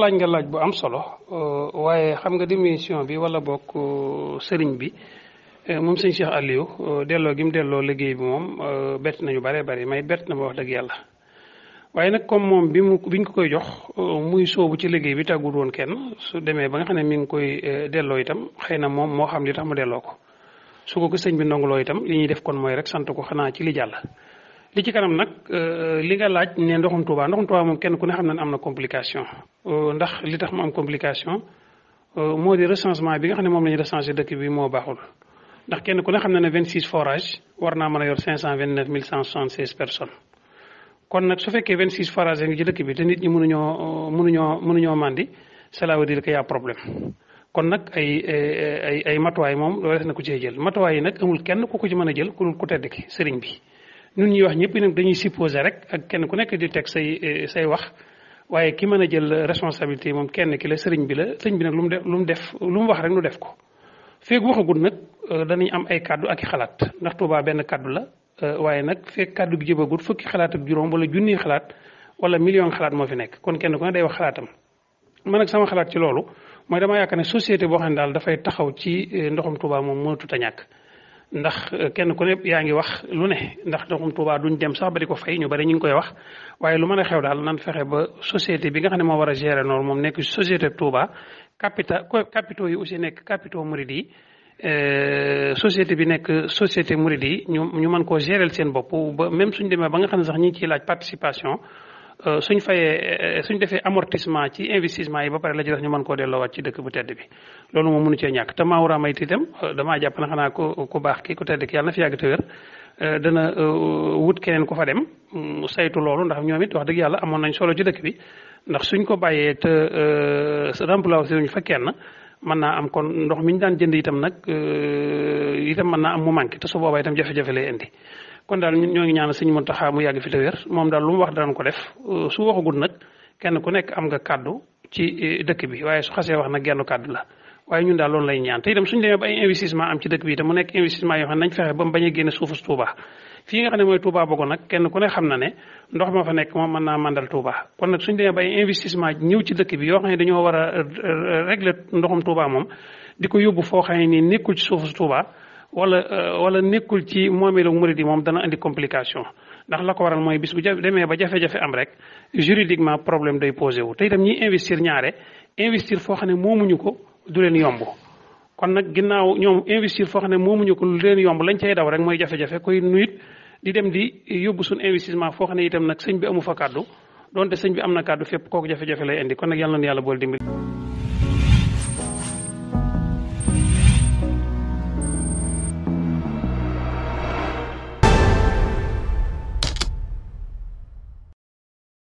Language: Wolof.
laaj nga laaj bu am solo euh, waaye xam nga démission bi wala bokk euh, sëriñ bi euh, moom sëñ Cheikh Aliou delloo gi mu delloo liggéey bi moom bett nañu bare bare may bett na ma wax dëgg yàlla waaye nag comme moom bi mu biñ ko koy jox muy soobu ci liggéey bi tàggul woon kenn su demee ba nga xam ne mi ngi koy delloo itam xëy na moom moo xam ni tax mu delloo ko su ko ko sëñ bi ndongoloo itam li ñuy def kon mooy rek sant ko xanaa ci li jàll li ci kanam nag euh, li nga laaj ne ndoxum Tuuba ndoxum Tuuba moom kenn ku ne xam na ne am na complication euh, ndax li tax mu am complication euh, moo di recensement bi nga xam ne moom la ñu recensé dëkk bi moo baaxul ndax kenn ku ne xam na ne 26 forages war naa mën a yor 529 176 personnes kon nag su fekkee 26 forages ngi ci dëkk bi te nit ñi mënuñoo mënuñoo mënuñoo màndi cela veut dire que y a problème kon nag ay ay ay matuwaay moom loolu def na ku cee jël matuwaay yi nag amul kenn ku ko ci mën a jël ku ku tedd ki sëriñ bi. nu ñuy wax ñëpp nag dañuy supposer rek ak kenn ku nekk di teg say eh, say wax waaye ki mën a jël responsabilité moom kenn ki la sëriñ bi la sëñ bi nag lu mu def lu mu def lu mu wax rek nu def ko feeg waxagul nag eh, danañ am ay kàddu ak i xalaat ndax Tuubaa benn kàddu la eh, waaye nag feeg kàddu gi jëbagul fukki xalaat ak juróom wala junni xalaat wala million xalaat moo fi nekk kon kenn ku ne day wax xalaatam man nag sama xalaat ci loolu mooy dama yaakaar ne société boo xam ne daal dafay taxaw ci ndoxum Tuubaa moom mënatut a ñàkk ndax eh, kenn ku ne yaa ngi wax lu ne ndax ndoxum Tuuba duñ dem sax ba di ko fay ñu bare ñu ngi koy wax waaye lu mën a xew daal nan fexe ba société bi nga xam ne moo war a gérer noonu moom nekk société Tuuba capital capitaux yi aussi nekk capitaux murid yi eh, société bi nekk société murid yi ñu ñu mën koo gérer seen bopp ba même suñ demee ba nga xam ne sax ñi ngi ciy laaj participation Euh, suñ fayee euh, suñ defee amortissement ci investissement yi ba pare la ci def ñu mën koo delloowaat ci dëkk bu tedd bi loolu moom mënu cee ñàkk te Maoura May itam euh, damaa jàpp na xanaa ko ku baax ki ku tedd ki yàlla na fi te wér dana wut keneen ku fa dem saytu loolu ndax ñoom it wax dëgg yàlla amoon nañ solo ci dëkk bi ndax suñ ko bàyyee te remplacé wuñ fa kenn mën naa am kon ndox mi ñu daan jënd itam nag itam mën naa am mu manqué te su boobaa itam jafe-jafe indi. kon daal ñun ñoo ngi ñaanal sëñ Muntaxa mu yàgg fi te wér moom daal lu mu wax danañ ko def euh, su waxagut nag kenn ku nekk am nga kàddu ci euh, dëkk bi waaye su xasee wax na genn kàddu la waaye ñun daal loolu lay ñaan te itam suñu demee ba am ci dëkk bi te mu nekk investissement yoo xam ne nañ fexe ba mu bañ a génne suufus Touba fii nga xam ne mooy Touba Bogo nag kenn ku ne xam na ne ndox ma fa nekk moom mën naa mandal Touba kon nag suñu demee ba ay investissement ñëw ci dëkk bi yoo xam ne dañoo war a euh, régler ndoxum Touba moom di ko yóbbu foo xam ne nii nekkul ci suufus Touba wala euh, wala nekkul ci moomeelu murid yi moom dana indi complication ndax la ko waral mooy bis bu ja demee ba jafe-jafe am rek juridiquement problème day posé wu te itam ñi investir ñaare investir foo xam ne moomuñu ko du leen yomb kon nag ginnaaw ñoom investir foo xam ne moomuñu ko du leen yomb lañ cay daw rek mooy jafe-jafe koy nuyit di dem di yóbbu suñu investissement foo xam ne itam nag sëñ bi amu fa kàddu donte sëñ bi am na kàddu fépp kooku jafe-jafe lay indi kon nag yàlla na yàlla bool